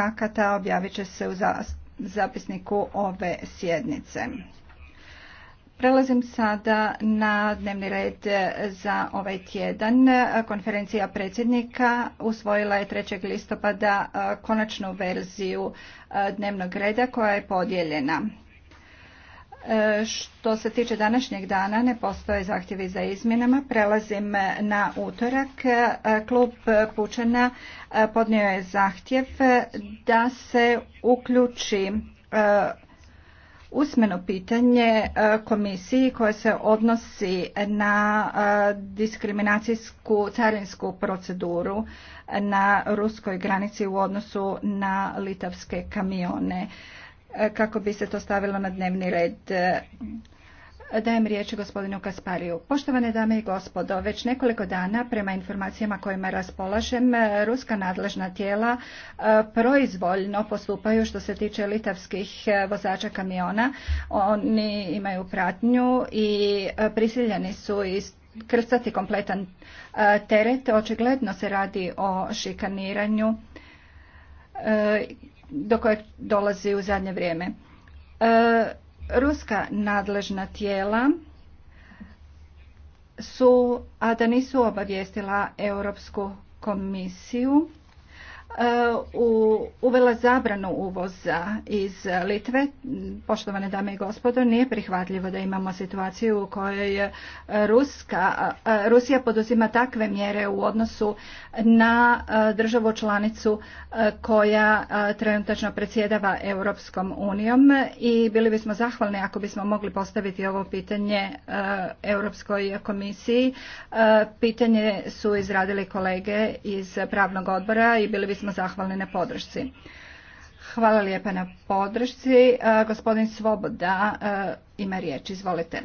akata objavit će se u zapisniku ove sjednice. Prelazim sada na dnevni red za ovaj tjedan. Konferencija predsjednika usvojila je 3. listopada konačnu verziju dnevnog reda koja je podijeljena. E, što se tiče današnjeg dana, ne postoje zahtjevi za izmjenama. Prelazim na utorak. E, klub Pučana e, podnio je zahtjev da se uključi usmeno pitanje komisiji koje se odnosi na diskriminacijsku carinsku proceduru na ruskoj granici u odnosu na litavske kamione. E, kako bi se to stavilo na dnevni red. E, dajem riječ gospodinu Kaspariju. Poštovane dame i gospodo, već nekoliko dana prema informacijama kojima raspolažem, e, ruska nadležna tijela proizvoljno postupaju što se tiče litavskih vozača kamiona. Oni imaju pratnju i prisiljeni su krcati kompletan teret. Očigledno se radi o šikaniranju do kojeg dolazi u zadnje vrijeme. E, ruska nadležna tijela su, a da nisu obavijestila Europsku komisiju, E, uvela zabranu uvoza iz Litve. Poštovane dame i gospodo, nije prihvatljivo da imamo situaciju u kojoj Ruska, e, Rusija poduzima takve mjere u odnosu na e, državu članicu koja trenutačno predsjedava Europskom unijom i bili bismo zahvalni ako bismo mogli postaviti ovo pitanje Europskoj komisiji. Pitanje su izradili kolege iz pravnog odbora i bili bismo smo zahvalni na podršci. Hvala lijepa na podršci. E, gospodin Svoboda e, ima riječ. Izvolite.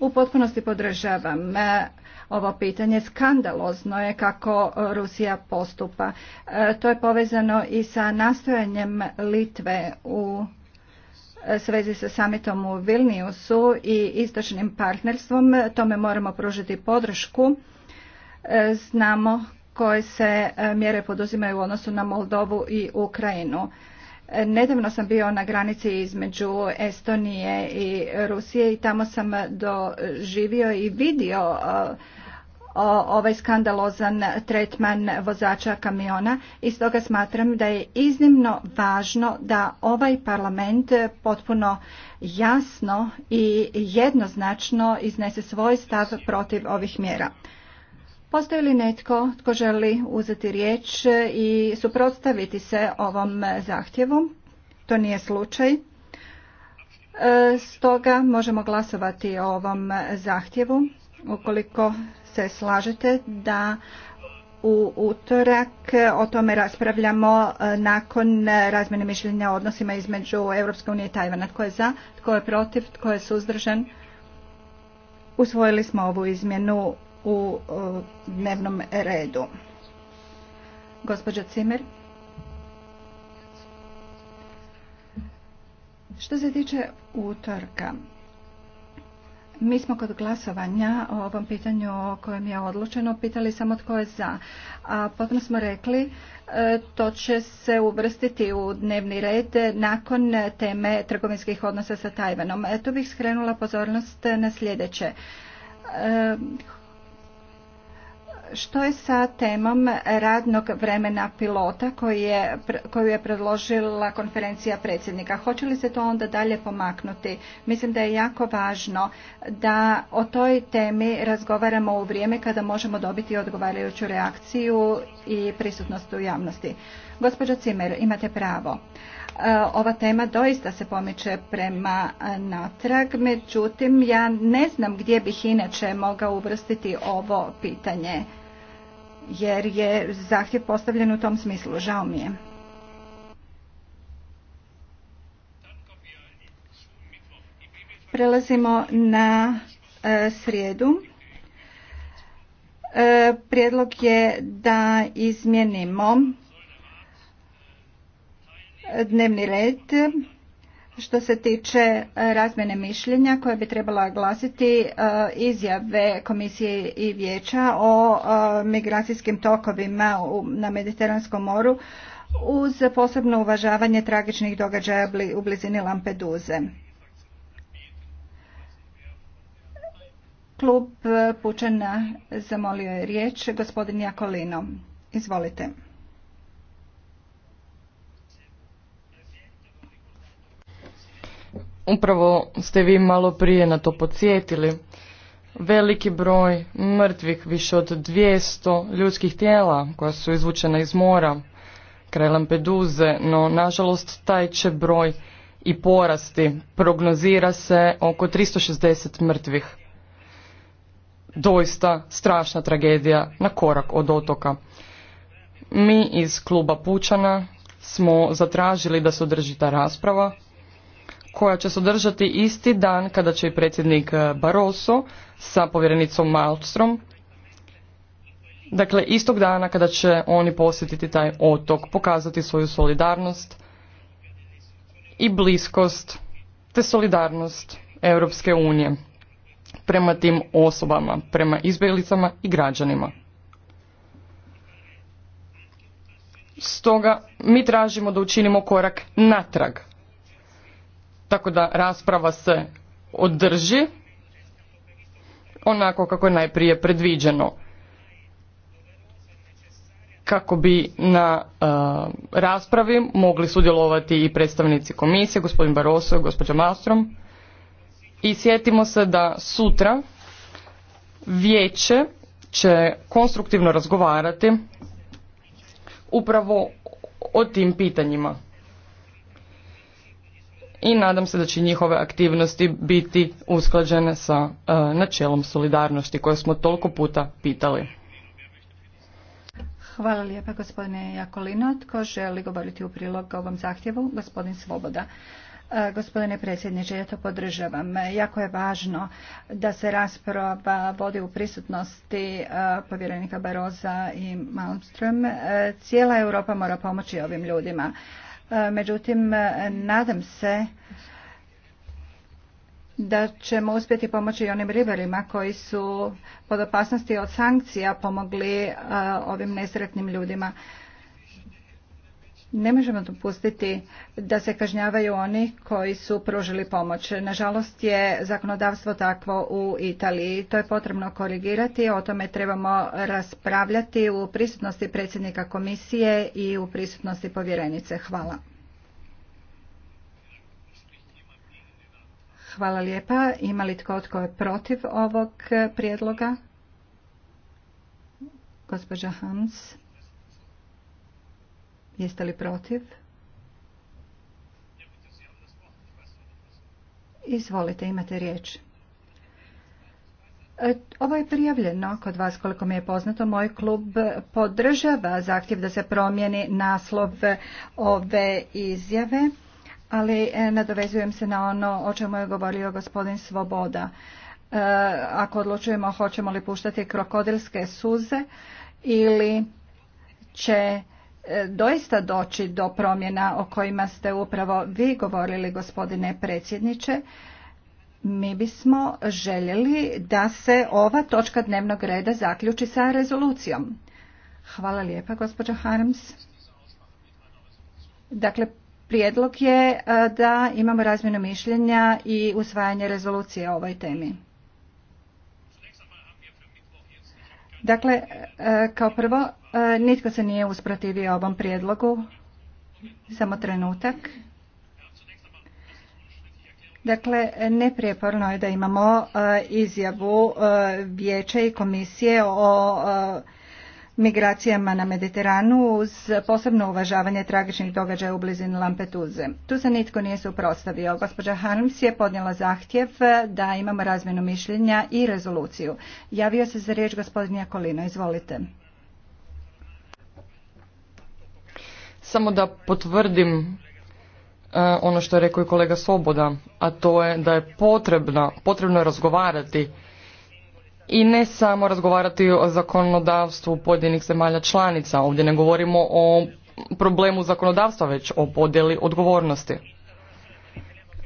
U potpunosti podržavam e, ovo pitanje. Skandalozno je kako Rusija postupa. To je povezano i sa nastojanjem Litve u svezi sa samitom u Vilniusu i istočnim partnerstvom. Tome moramo pružiti podršku. Znamo koje se e, mjere poduzimaju u odnosu na Moldovu i Ukrajinu. E, nedavno sam bio na granici između Estonije i Rusije i tamo sam doživio i vidio e, ovaj skandalozan tretman vozača kamiona i stoga smatram da je iznimno važno da ovaj parlament potpuno jasno i jednoznačno iznese svoj stav protiv ovih mjera. Postoji li netko tko želi uzeti riječ i suprotstaviti se ovom zahtjevu? To nije slučaj. E, stoga možemo glasovati o ovom zahtjevu. Ukoliko se slažete da u utorak o tome raspravljamo e, nakon razmjene mišljenja o odnosima između Europske unije i Tajvana. Tko je za, tko je protiv, tko je suzdržan? Usvojili smo ovu izmjenu u e, dnevnom redu. Gospođa Cimer. Što se tiče utorka, mi smo kod glasovanja o ovom pitanju o kojem je odlučeno pitali samo tko je za. A potom smo rekli e, to će se uvrstiti u dnevni red nakon teme trgovinskih odnosa sa Tajvanom. Eto bih skrenula pozornost na sljedeće. E, što je sa temom radnog vremena pilota koju je, predložila konferencija predsjednika? Hoće li se to onda dalje pomaknuti? Mislim da je jako važno da o toj temi razgovaramo u vrijeme kada možemo dobiti odgovarajuću reakciju i prisutnost u javnosti. Gospođo Cimer, imate pravo. E, ova tema doista se pomiče prema e, natrag, međutim ja ne znam gdje bih inače mogao uvrstiti ovo pitanje jer je zahtjev postavljen u tom smislu. Žao mi je. Prelazimo na e, srijedu. E, prijedlog je da izmijenimo dnevni red što se tiče e, razmjene mišljenja koja bi trebala glasiti e, izjave komisije i vijeća o e, migracijskim tokovima na Mediteranskom moru uz posebno uvažavanje tragičnih događaja u blizini Lampeduze. Klub Pučana zamolio je riječ gospodin Jakolino. Izvolite. Upravo ste vi malo prije na to podsjetili. Veliki broj mrtvih, više od 200 ljudskih tijela koja su izvučena iz mora kraj Lampeduze, no nažalost taj će broj i porasti. Prognozira se oko 360 mrtvih. Doista strašna tragedija na korak od otoka. Mi iz kluba Pučana smo zatražili da se održi ta rasprava koja će se održati isti dan kada će i predsjednik e, Barroso sa povjerenicom Malmström, Dakle, istog dana kada će oni posjetiti taj otok, pokazati svoju solidarnost i bliskost, te solidarnost Europske unije prema tim osobama, prema izbjeglicama i građanima. Stoga mi tražimo da učinimo korak natrag tako da rasprava se održi onako kako je najprije predviđeno kako bi na e, raspravi mogli sudjelovati i predstavnici komisije, gospodin i gospođa Mastrom. I sjetimo se da sutra vijeće će konstruktivno razgovarati upravo o tim pitanjima i nadam se da će njihove aktivnosti biti usklađene sa e, načelom solidarnosti koje smo toliko puta pitali. Hvala lijepa gospodine Jakolino. Tko želi govoriti u prilog ovom zahtjevu? Gospodin Svoboda. E, gospodine predsjedniče, ja to podržavam. Jako je važno da se rasprava vodi u prisutnosti e, povjerenika Baroza i Malmström. Cijela Europa mora pomoći ovim ljudima. E, međutim, e, nadam se da ćemo uspjeti pomoći i onim ribarima koji su pod opasnosti od sankcija pomogli e, ovim nesretnim ljudima. Ne možemo dopustiti da se kažnjavaju oni koji su pružili pomoć. Nažalost je zakonodavstvo takvo u Italiji. To je potrebno korigirati, o tome trebamo raspravljati u prisutnosti predsjednika komisije i u prisutnosti povjerenice. Hvala. Hvala lijepa. Ima li tko tko je protiv ovog prijedloga? Gospođa Hans. Jeste li protiv? Izvolite, imate riječ. E, ovo je prijavljeno kod vas, koliko mi je poznato. Moj klub podržava zahtjev da se promijeni naslov ove izjave, ali e, nadovezujem se na ono o čemu je govorio gospodin Svoboda. E, ako odlučujemo hoćemo li puštati krokodilske suze ili će E, doista doći do promjena o kojima ste upravo vi govorili gospodine predsjedniče mi bismo željeli da se ova točka dnevnog reda zaključi sa rezolucijom. Hvala lijepa, gospođo Harms. Dakle, prijedlog je e, da imamo razmjenu mišljenja i usvajanje rezolucije o ovoj temi. Dakle, e, kao prvo E, nitko se nije usprotivio ovom prijedlogu. Samo trenutak. Dakle, neprijeporno je da imamo e, izjavu e, Vijeća i komisije o migracijama na Mediteranu uz posebno uvažavanje tragičnih događaja u blizini Lampetuze. Tu se nitko nije suprotstavio. Gospođa Harms je podnijela zahtjev da imamo razmjenu mišljenja i rezoluciju. Javio se za riječ gospodin Jakolino. Izvolite. Samo da potvrdim e, ono što je rekao i kolega Soboda, a to je da je potrebno, potrebno je razgovarati i ne samo razgovarati o zakonodavstvu pojedinih zemalja članica. Ovdje ne govorimo o problemu zakonodavstva, već o podjeli odgovornosti.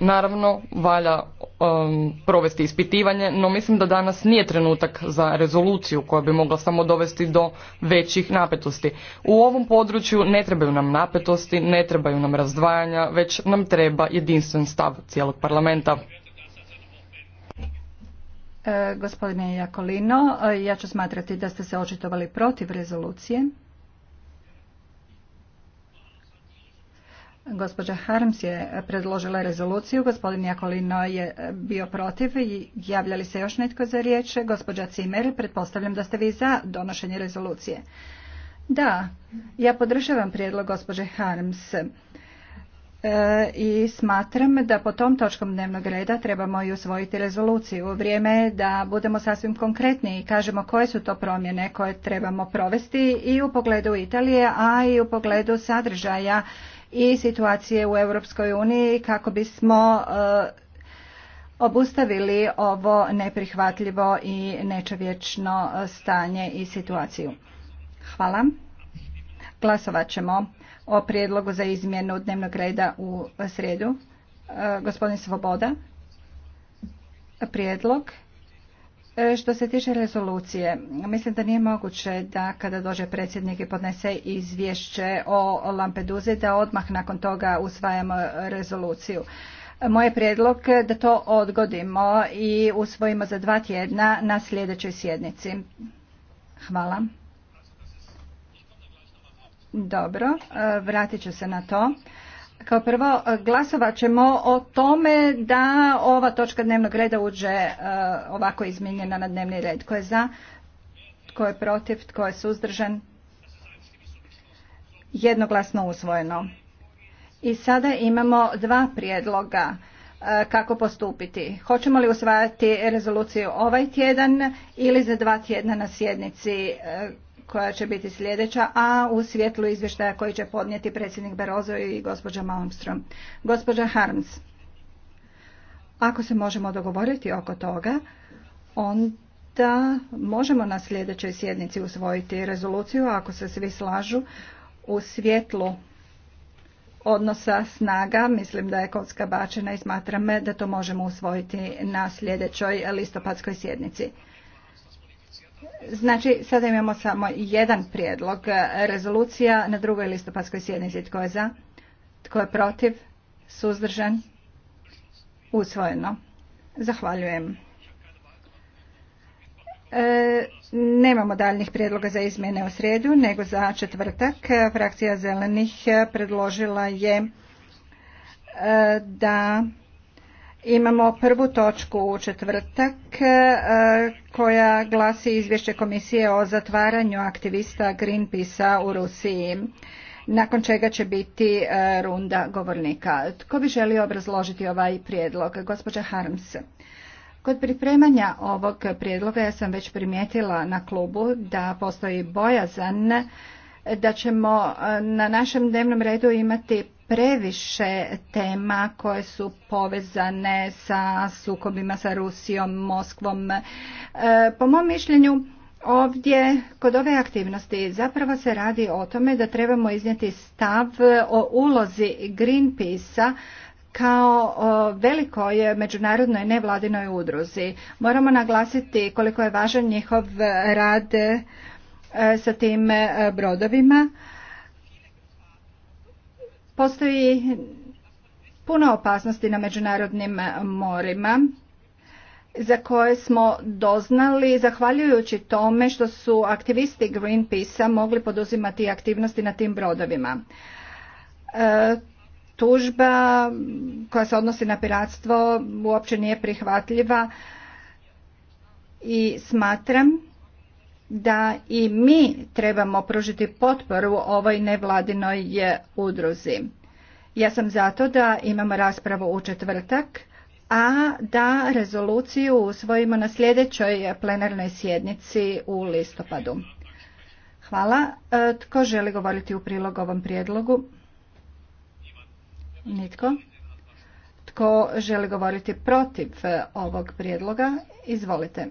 Naravno, valja um, provesti ispitivanje, no mislim da danas nije trenutak za rezoluciju koja bi mogla samo dovesti do većih napetosti. U ovom području ne trebaju nam napetosti, ne trebaju nam razdvajanja, već nam treba jedinstven stav cijelog parlamenta. E, gospodine Jakolino, ja ću smatrati da ste se očitovali protiv rezolucije. Gospođa Harms je predložila rezoluciju, gospodin Jakolino je e, bio protiv i li se još netko za riječ. Gospođa Cimer, pretpostavljam da ste vi za donošenje rezolucije. Da, ja podržavam prijedlog gospođe Harms e, i smatram da po tom točkom dnevnog reda trebamo i usvojiti rezoluciju. Vrijeme je da budemo sasvim konkretni i kažemo koje su to promjene koje trebamo provesti i u pogledu Italije, a i u pogledu sadržaja i situacije u Europskoj uniji kako bismo e, obustavili ovo neprihvatljivo i nečovječno stanje i situaciju. Hvala. Glasovat ćemo o prijedlogu za izmjenu dnevnog reda u srijedu. E, gospodin Svoboda, prijedlog. E, što se tiče rezolucije, mislim da nije moguće da kada dođe predsjednik i podnese izvješće o Lampeduzi, da odmah nakon toga usvajamo rezoluciju. Moj je prijedlog da to odgodimo i usvojimo za dva tjedna na sljedećoj sjednici. Hvala. Dobro, e, vratit ću se na to. Kao prvo glasovat ćemo o tome da ova točka dnevnog reda uđe e, ovako izmijenjena na dnevni red. Tko je za? Tko je protiv? Tko je suzdržan? Jednoglasno usvojeno. I sada imamo dva prijedloga e, kako postupiti. Hoćemo li usvajati rezoluciju ovaj tjedan ili za dva tjedna na sjednici e, koja će biti sljedeća, a u svjetlu izvještaja koji će podnijeti predsjednik Berozo i gospođa Malmström. Gospođa Harms, ako se možemo dogovoriti oko toga, onda možemo na sljedećoj sjednici usvojiti rezoluciju, ako se svi slažu, u svjetlu odnosa snaga, mislim da je kocka bačena i smatram da to možemo usvojiti na sljedećoj listopadskoj sjednici. Znači, sada imamo samo jedan prijedlog. Rezolucija na drugoj listopadskoj sjednici. Tko je za? Tko je protiv? Suzdržan? Usvojeno. Zahvaljujem. E, nemamo daljnih prijedloga za izmjene u srijedu, nego za četvrtak. Frakcija zelenih predložila je e, da Imamo prvu točku u četvrtak e, koja glasi izvješće komisije o zatvaranju aktivista Greenpeace-a u Rusiji, nakon čega će biti e, runda govornika. Tko bi želio obrazložiti ovaj prijedlog? Gospođa Harms. Kod pripremanja ovog prijedloga ja sam već primijetila na klubu da postoji bojazan da ćemo e, na našem dnevnom redu imati previše tema koje su povezane sa sukobima sa Rusijom, Moskvom. E, po mom mišljenju Ovdje kod ove aktivnosti zapravo se radi o tome da trebamo iznijeti stav o ulozi Greenpeacea kao velikoj međunarodnoj nevladinoj udruzi. Moramo naglasiti koliko je važan njihov rad e, sa tim e, brodovima Postoji puno opasnosti na međunarodnim morima za koje smo doznali zahvaljujući tome što su aktivisti Greenpeacea mogli poduzimati aktivnosti na tim brodovima. E, tužba koja se odnosi na piratstvo uopće nije prihvatljiva i smatram da i mi trebamo pružiti potporu ovoj nevladinoj udruzi. Ja sam zato da imamo raspravu u četvrtak, a da rezoluciju usvojimo na sljedećoj plenarnoj sjednici u listopadu. Hvala. E, tko želi govoriti u prilog ovom prijedlogu? Nitko. Tko želi govoriti protiv e, ovog prijedloga? Izvolite.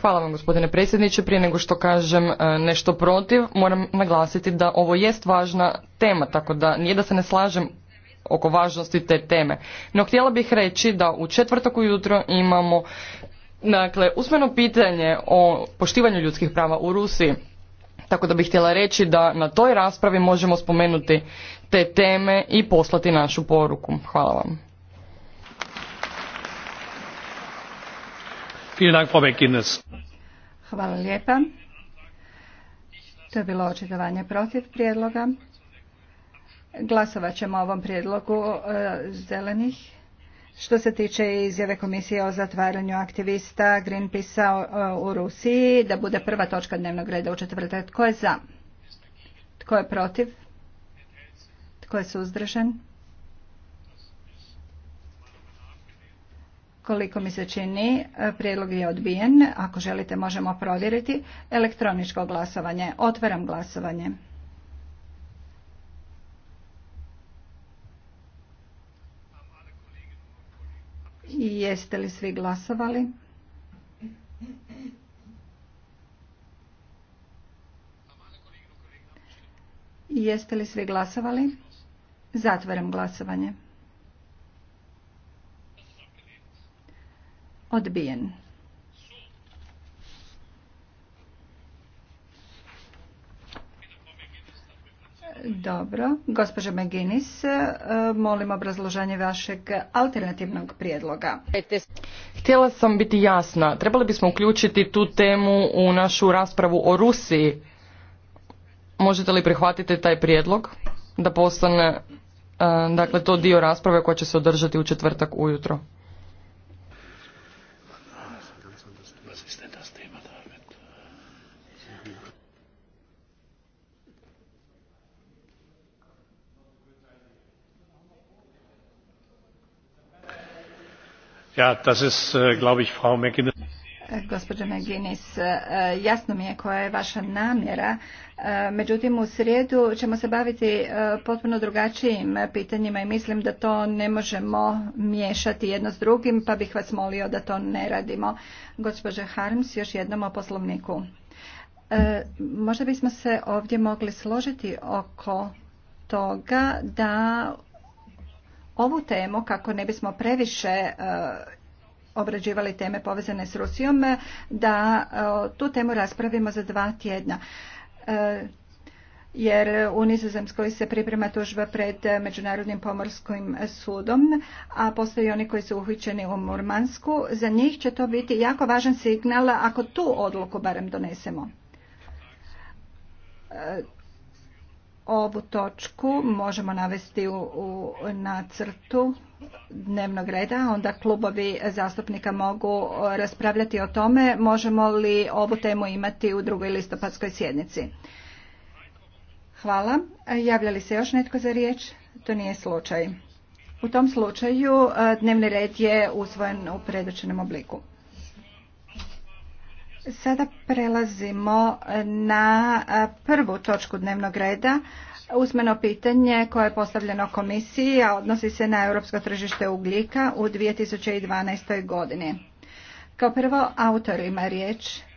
Hvala vam gospodine predsjedniče. Prije nego što kažem e, nešto protiv, moram naglasiti da ovo jest važna tema, tako da nije da se ne slažem oko važnosti te teme. No htjela bih reći da u četvrtak ujutro imamo dakle, usmeno pitanje o poštivanju ljudskih prava u Rusiji. Tako da bih htjela reći da na toj raspravi možemo spomenuti te teme i poslati našu poruku. Hvala vam. Hvala lijepa. To je bilo očitovanje protiv prijedloga. Glasovat ćemo o ovom prijedlogu e, zelenih. Što se tiče izjave komisije o zatvaranju aktivista greenpeace e, u Rusiji, da bude prva točka dnevnog reda u četvrtak. Tko je za? Tko je protiv? Tko je suzdržan? Koliko mi se čini, e, prijedlog je odbijen. Ako želite, možemo provjeriti. Elektroničko glasovanje. Otvaram glasovanje. Jeste li svi glasovali? Jeste li svi glasovali? Zatvaram glasovanje. Odbijen. Dobro. Gospođa Meginis, e, molim obrazloženje vašeg alternativnog prijedloga. Htjela sam biti jasna. Trebali bismo uključiti tu temu u našu raspravu o Rusiji. Možete li prihvatiti taj prijedlog da postane e, dakle, to dio rasprave koja će se održati u četvrtak ujutro? Äh, e, gospođo mcguinness e, jasno mi je koja je vaša namjera, e, međutim u srijedu ćemo se baviti potpuno drugačijim pitanjima i mislim da to ne možemo miješati jedno s drugim, pa bih vas molio da to ne radimo. gospođo Harms, još jednom o poslovniku. Možda bismo se ovdje mogli složiti oko toga da Ovu temu, kako ne bismo previše e, obrađivali teme povezane s Rusijom, e, da e, tu temu raspravimo za dva tjedna jer u Nizozemskoj se priprema tužba pred Međunarodnim pomorskim sudom, a postoji oni koji su uhvićeni u Murmansku. Za njih će to biti jako važan signal ako tu odluku barem donesemo. Ovu točku možemo navesti u nacrtu dnevnog reda, onda klubovi zastupnika mogu raspravljati o tome možemo li ovu temu imati u drugoj listopadskoj sjednici. Hvala. Javlja li se još netko za riječ? To nije slučaj. U tom slučaju e, dnevni red je usvojen u predočenom obliku. Sada prelazimo na prvu točku dnevnog reda. usmeno pitanje koje je postavljeno komisiji, a odnosi se na europsko tržište ugljika u 2012. godini. Kao prvo, autor ima riječ.